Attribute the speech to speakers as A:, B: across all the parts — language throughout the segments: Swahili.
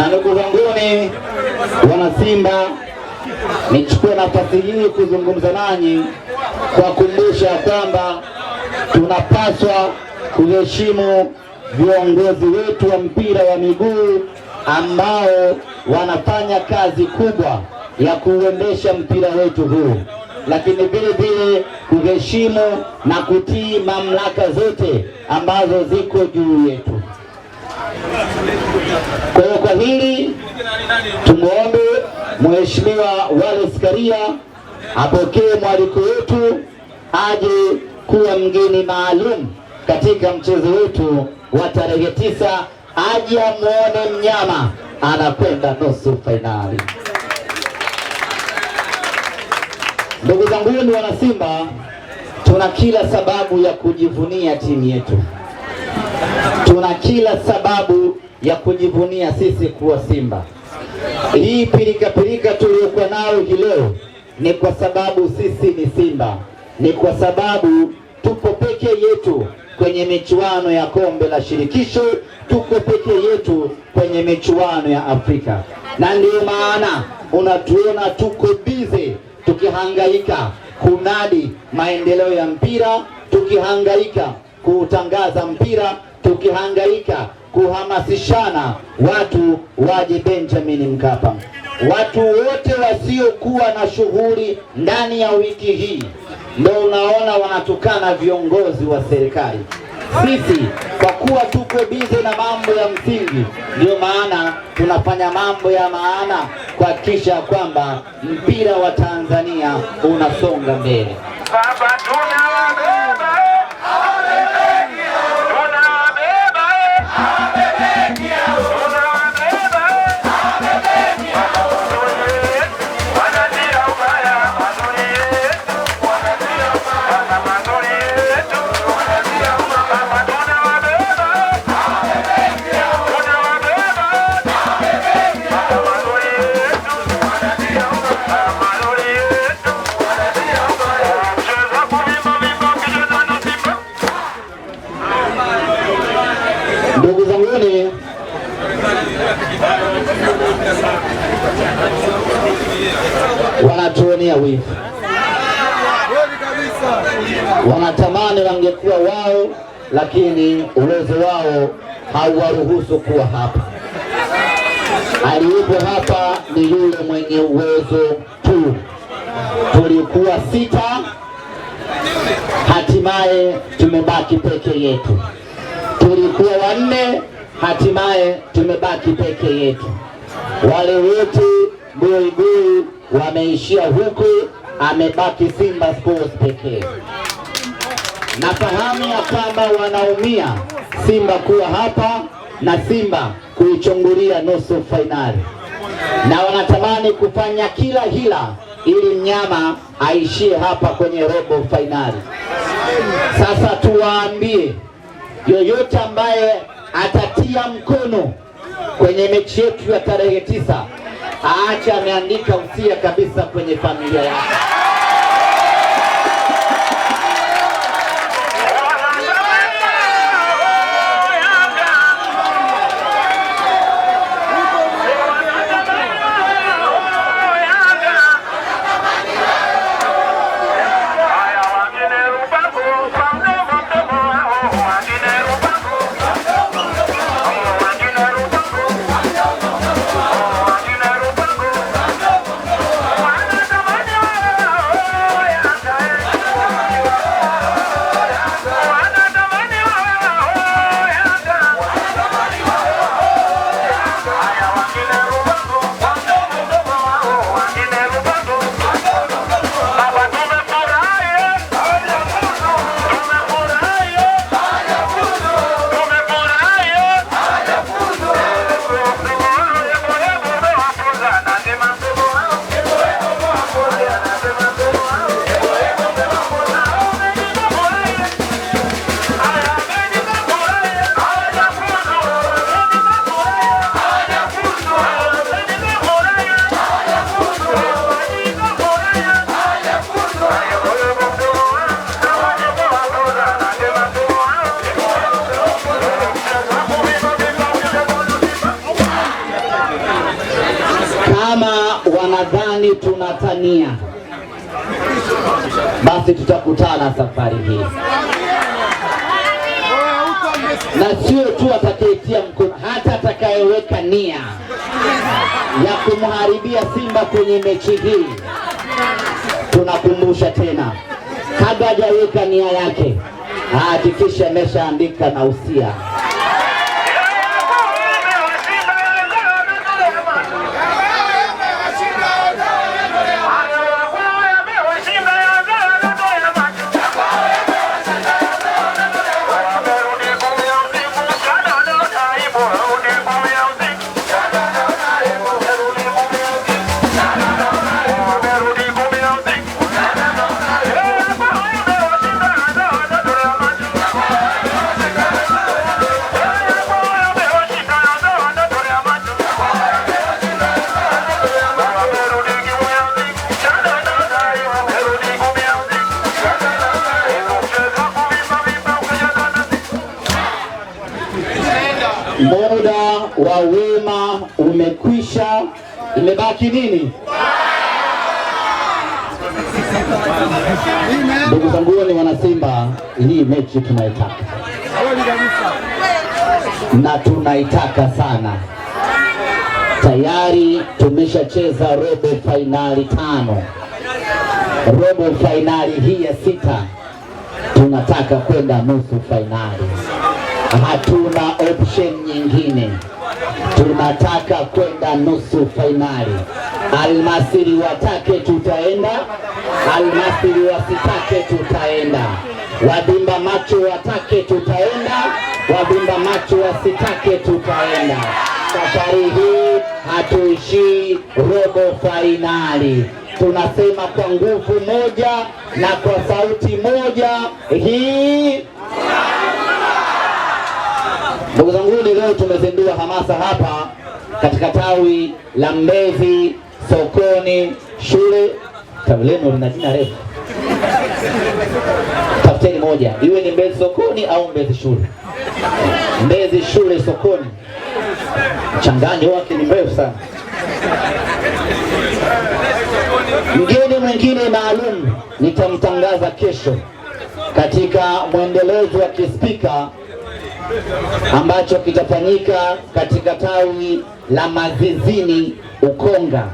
A: Na ndugu zanguni wanasimba, nichukue nafasi hii kuzungumza nanyi kuwakumbusha kwamba tunapaswa kuheshimu viongozi wetu wa mpira wa miguu ambao wanafanya kazi kubwa ya kuuendesha mpira wetu huu, lakini vile vile kuheshimu na kutii mamlaka zote ambazo ziko juu yetu. Kwa hiyo kwa hili tumwombe Mheshimiwa Wallace Karia apokee mwaliko wetu aje kuwa mgeni maalum katika mchezo wetu wa tarehe tisa, aje amwone mnyama anakwenda nusu fainali. Ndugu zanguni wanasimba, tuna kila sababu ya kujivunia timu yetu, tuna kila sababu ya kujivunia sisi kuwa Simba. Hii pilika tuliyokuwa nayo hii leo ni kwa sababu sisi ni Simba, ni kwa sababu tuko peke yetu kwenye michuano ya kombe la shirikisho, tuko peke yetu kwenye michuano ya Afrika, na ndiyo maana unatuona tuko bize tukihangaika kunadi maendeleo ya mpira, tukihangaika kuutangaza mpira tukihangaika kuhamasishana watu waje Benjamin Mkapa. Watu wote wasiokuwa na shughuli ndani ya wiki hii ndio unaona wanatukana viongozi wa serikali. Sisi kwa kuwa tuko bize na mambo ya msingi, ndio maana tunafanya mambo ya maana kuhakikisha kwamba mpira wa Tanzania unasonga mbele. Baba, wanatuonea wivu, wanatamani wangekuwa wao, lakini uwezo wao hauwaruhusu kuwa hapa. Aliyepo hapa ni yule mwenye uwezo tu. Tulikuwa sita, hatimaye tumebaki peke yetu. Tulikuwa wanne hatimaye tumebaki peke yetu. Wale wote buibui wameishia huku, amebaki Simba Sports pekee. Nafahamu ya kwamba wanaumia Simba kuwa hapa na Simba kuichungulia nusu fainali, na wanatamani kufanya kila hila ili mnyama aishie hapa kwenye robo fainali. Sasa tuwaambie yoyote ambaye atatia mkono kwenye mechi yetu ya tarehe tisa. Aacha ameandika usia kabisa kwenye familia yake. kama wanadhani tunatania, basi tutakutana safari hii, na sio tu atakayetia mkono, hata atakayeweka nia ya kumharibia Simba kwenye mechi hii. Tunakumbusha tena, kabla hajaweka nia yake, ahakikishe ameshaandika na usia imekwisha, imebaki nini? Ndugu zangu ni wanasimba, hii mechi tunaitaka na tunaitaka sana. Tayari tumeshacheza robo fainali tano, robo fainali hii ya sita tunataka kwenda nusu fainali, hatuna option nyingine tunataka kwenda nusu fainali. Almasiri watake tutaenda, Almasiri wasitake tutaenda, wadimba macho watake tutaenda, wadimba macho wasitake tutaenda. Safari hii hatuishii robo fainali, tunasema kwa nguvu moja na kwa sauti moja hii Ndugu zanguni, leo tumezindua hamasa hapa katika tawi la Mbezi sokoni shule. Tawi lenu lina jina refu, tafuteni moja, iwe ni Mbezi sokoni au Mbezi shule. Mbezi shule sokoni, mchanganyo wake ni mrefu sana. Mgeni mwingine maalum nitamtangaza kesho katika mwendelezo wa kispika ambacho kitafanyika katika tawi la Mazizini Ukonga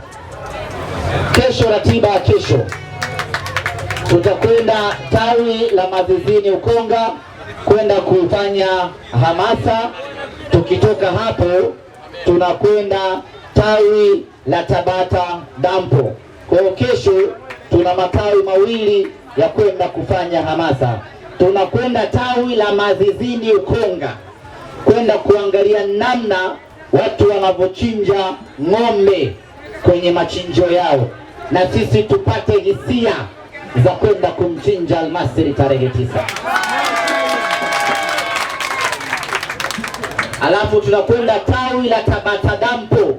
A: kesho. Ratiba ya kesho, tutakwenda tawi la Mazizini Ukonga kwenda kufanya hamasa. Tukitoka hapo, tunakwenda tawi la Tabata Dampo. Kwa hiyo kesho tuna matawi mawili ya kwenda kufanya hamasa tunakwenda tawi la Mazizini Ukonga kwenda kuangalia namna watu wanavyochinja ng'ombe kwenye machinjio yao, na sisi tupate hisia za kwenda kumchinja almasiri tarehe tisa. Alafu tunakwenda tawi la Tabata Dampo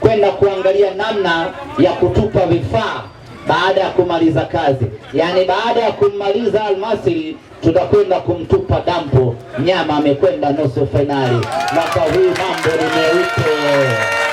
A: kwenda kuangalia namna ya kutupa vifaa baada ya kumaliza kazi, yaani baada ya kummaliza almasiri tutakwenda kumtupa dampo. Nyama amekwenda nusu fainali mwaka huu, mambo ni meupe.